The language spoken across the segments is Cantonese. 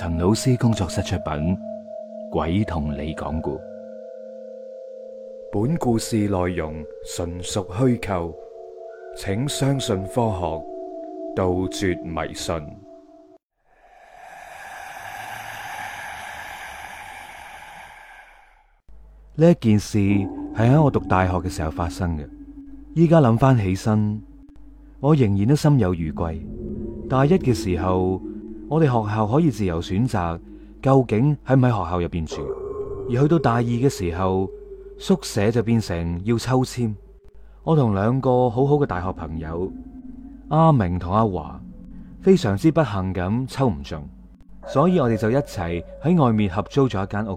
陳老師工作室出品《鬼同你講古》，本故事內容純屬虛構，請相信科學，杜絕迷信。呢一件事係喺我讀大學嘅時候發生嘅，依家諗翻起身，我仍然都心有餘悸。大一嘅時候。我哋學校可以自由選擇究竟喺唔喺學校入邊住，而去到大二嘅時候，宿舍就變成要抽簽。我同兩個好好嘅大學朋友阿明同阿華，非常之不幸咁抽唔中，所以我哋就一齊喺外面合租咗一間屋。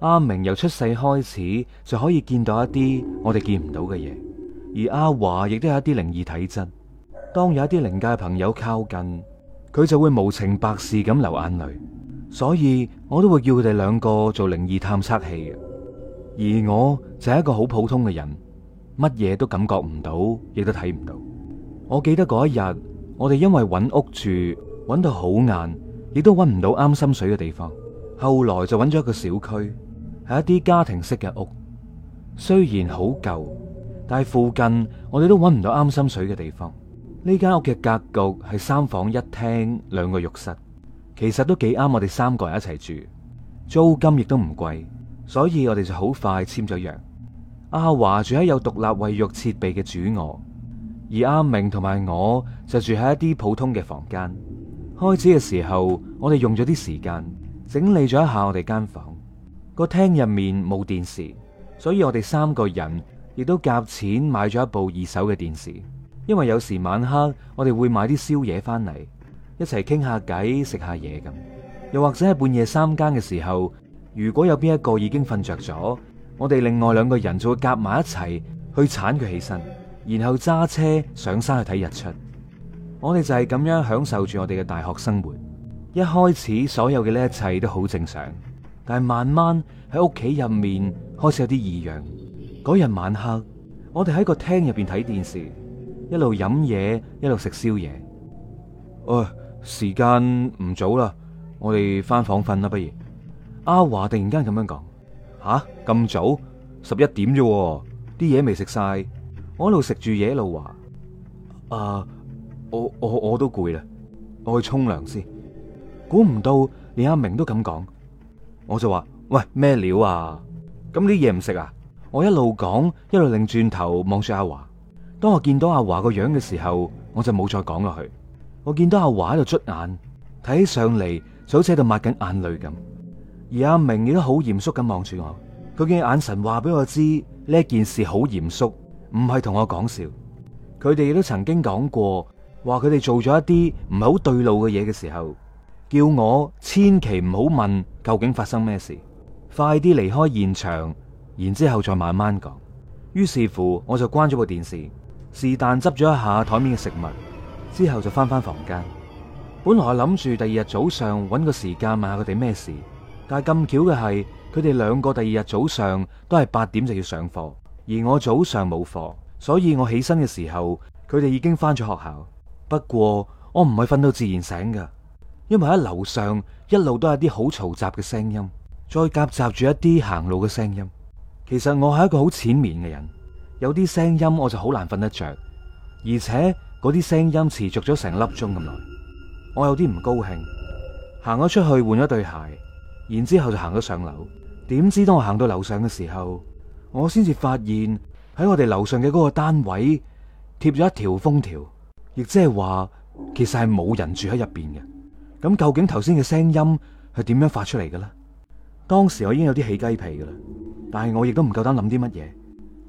阿明由出世開始就可以見到一啲我哋見唔到嘅嘢，而阿華亦都有一啲靈異體質，當有一啲靈界朋友靠近。佢就會無情白事咁流眼淚，所以我都會叫佢哋兩個做靈異探測器，而我就係一個好普通嘅人，乜嘢都感覺唔到，亦都睇唔到。我記得嗰一日，我哋因為揾屋住揾到好晏，亦都揾唔到啱心水嘅地方，後來就揾咗一個小區，係一啲家庭式嘅屋，雖然好舊，但係附近我哋都揾唔到啱心水嘅地方。呢間屋嘅格局係三房一廳兩個浴室，其實都幾啱我哋三個人一齊住，租金亦都唔貴，所以我哋就好快就簽咗約。阿華住喺有獨立衛浴設備嘅主臥，而阿明同埋我就住喺一啲普通嘅房間。開始嘅時候，我哋用咗啲時間整理咗一下我哋間房。個廳入面冇電視，所以我哋三個人亦都夾錢買咗一部二手嘅電視。因為有時晚黑我哋會買啲宵夜翻嚟一齊傾下偈食下嘢咁，又或者係半夜三更嘅時候，如果有邊一個已經瞓着咗，我哋另外兩個人就會夾埋一齊去鏟佢起身，然後揸車上山去睇日出。我哋就係咁樣享受住我哋嘅大學生活。一開始所有嘅呢一切都好正常，但係慢慢喺屋企入面開始有啲異樣。嗰日晚黑，我哋喺個廳入邊睇電視。一路飲嘢，一路食宵夜。唉、呃，時間唔早啦，我哋翻房瞓啦，不如。阿華突然間咁樣講，吓、啊、咁早，十一點啫，啲嘢未食晒，我一路食住嘢一路話，啊，我我我都攰啦，我去沖涼先。估唔到連阿明都咁講，我就話喂咩料啊？咁啲嘢唔食啊？我一路講，一路擰轉頭望住阿華。當我見到阿華個樣嘅時候，我就冇再講落去。我見到阿華喺度捽眼，睇起上嚟就好似喺度抹緊眼淚咁。而阿明亦都好嚴肅咁望住我，佢嘅眼神話俾我知呢一件事好嚴肅，唔係同我講笑。佢哋亦都曾經講過，話佢哋做咗一啲唔係好對路嘅嘢嘅時候，叫我千祈唔好問究竟發生咩事，快啲離開現場，然之後再慢慢講。於是乎，我就關咗部電視。是但執咗一下台面嘅食物，之後就翻翻房間。本來諗住第二日早上揾個時間問下佢哋咩事，但係咁巧嘅係，佢哋兩個第二日早上都係八點就要上課，而我早上冇課，所以我起身嘅時候，佢哋已經翻咗學校。不過我唔係瞓到自然醒噶因為喺樓上一路都係啲好嘈雜嘅聲音，再夾雜住一啲行路嘅聲音。其實我係一個好淺眠嘅人。有啲聲音我就好難瞓得着，而且嗰啲聲音持續咗成粒鐘咁耐，我有啲唔高興。行咗出去換咗對鞋，然之後就行咗上樓。點知當我行到樓上嘅時候，我先至發現喺我哋樓上嘅嗰個單位貼咗一條封條，亦即係話其實係冇人住喺入邊嘅。咁究竟頭先嘅聲音係點樣發出嚟嘅咧？當時我已經有啲起雞皮嘅啦，但係我亦都唔夠膽諗啲乜嘢。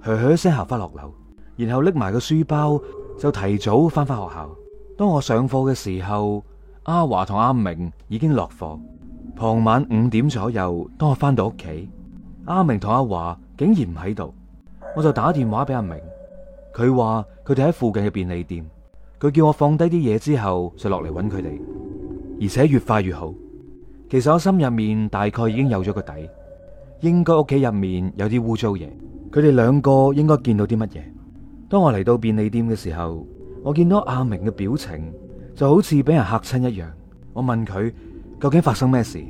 噓噓聲行翻落樓，然後拎埋個書包就提早翻翻學校。當我上課嘅時候，阿華同阿明已經落課。傍晚五點左右，當我翻到屋企，阿明同阿華竟然唔喺度，我就打電話俾阿明。佢話佢哋喺附近嘅便利店。佢叫我放低啲嘢之後就落嚟搵佢哋，而且越快越好。其實我心入面大概已經有咗個底，應該屋企入面有啲污糟嘢。佢哋兩個應該見到啲乜嘢？當我嚟到便利店嘅時候，我見到阿明嘅表情就好似俾人嚇親一樣。我問佢究竟發生咩事？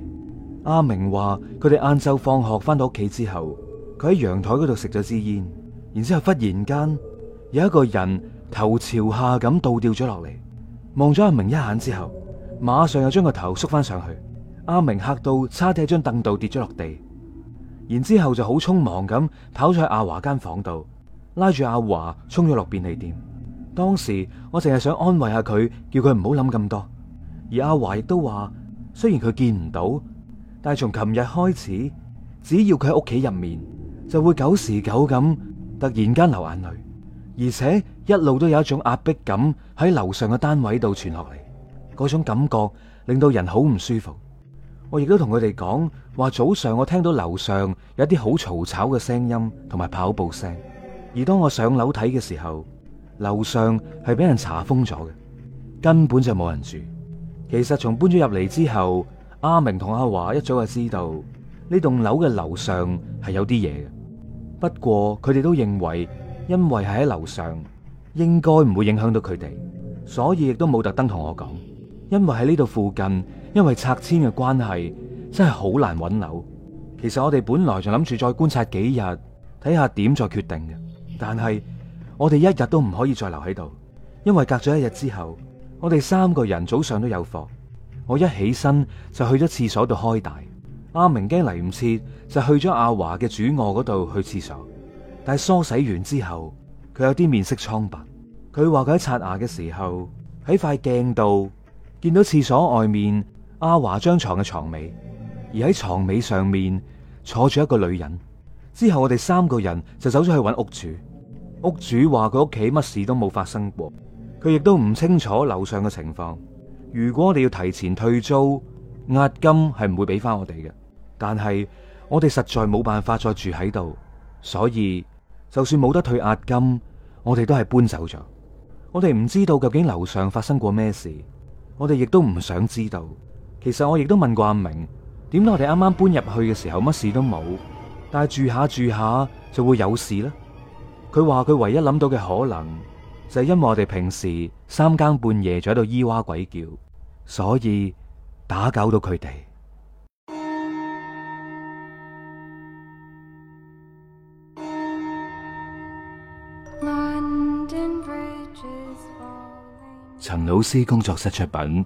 阿明話：佢哋晏晝放學翻到屋企之後，佢喺陽台嗰度食咗支煙，然之後忽然間有一個人頭朝下咁倒掉咗落嚟，望咗阿明一眼之後，馬上又將個頭縮翻上去。阿明嚇到差啲喺凳度跌咗落地。然之後就好匆忙咁跑咗去阿華間房度，拉住阿華衝咗落便利店。當時我淨係想安慰下佢，叫佢唔好諗咁多。而阿華亦都話，雖然佢見唔到，但係從琴日開始，只要佢喺屋企入面，就會久時久咁突然間流眼淚，而且一路都有一種壓迫感喺樓上嘅單位度傳落嚟，嗰種感覺令到人好唔舒服。我亦都同佢哋講話，早上我聽到樓上有啲好嘈吵嘅聲音同埋跑步聲，而當我上樓睇嘅時候，樓上係俾人查封咗嘅，根本就冇人住。其實從搬咗入嚟之後，阿明同阿華一早就知道呢棟樓嘅樓上係有啲嘢嘅，不過佢哋都認為因為係喺樓上，應該唔會影響到佢哋，所以亦都冇特登同我講，因為喺呢度附近。因為拆遷嘅關係真係好難揾樓。其實我哋本來就諗住再觀察幾日，睇下點再決定嘅。但係我哋一日都唔可以再留喺度，因為隔咗一日之後，我哋三個人早上都有課。我一起身就去咗廁所度開大。阿明驚嚟唔切，就去咗阿華嘅主臥嗰度去廁所。但係梳洗完之後，佢有啲面色蒼白。佢話佢喺刷牙嘅時候喺塊鏡度見到廁所外面阿華張床嘅床尾，而喺床尾上面坐住一個女人。之後我哋三個人就走咗去揾屋主。屋主話佢屋企乜事都冇發生過，佢亦都唔清楚樓上嘅情況。如果我哋要提前退租，押金係唔會俾翻我哋嘅。但係我哋實在冇辦法再住喺度，所以就算冇得退押金，我哋都係搬走咗。我哋唔知道究竟樓上發生過咩事，我哋亦都唔想知道。其實我亦都問過阿、啊、明，點解我哋啱啱搬入去嘅時候乜事都冇，但係住下住下就會有事呢？佢話佢唯一諗到嘅可能就係因為我哋平時三更半夜就喺度咿哇鬼叫，所以打攪到佢哋。陳老師工作室出品。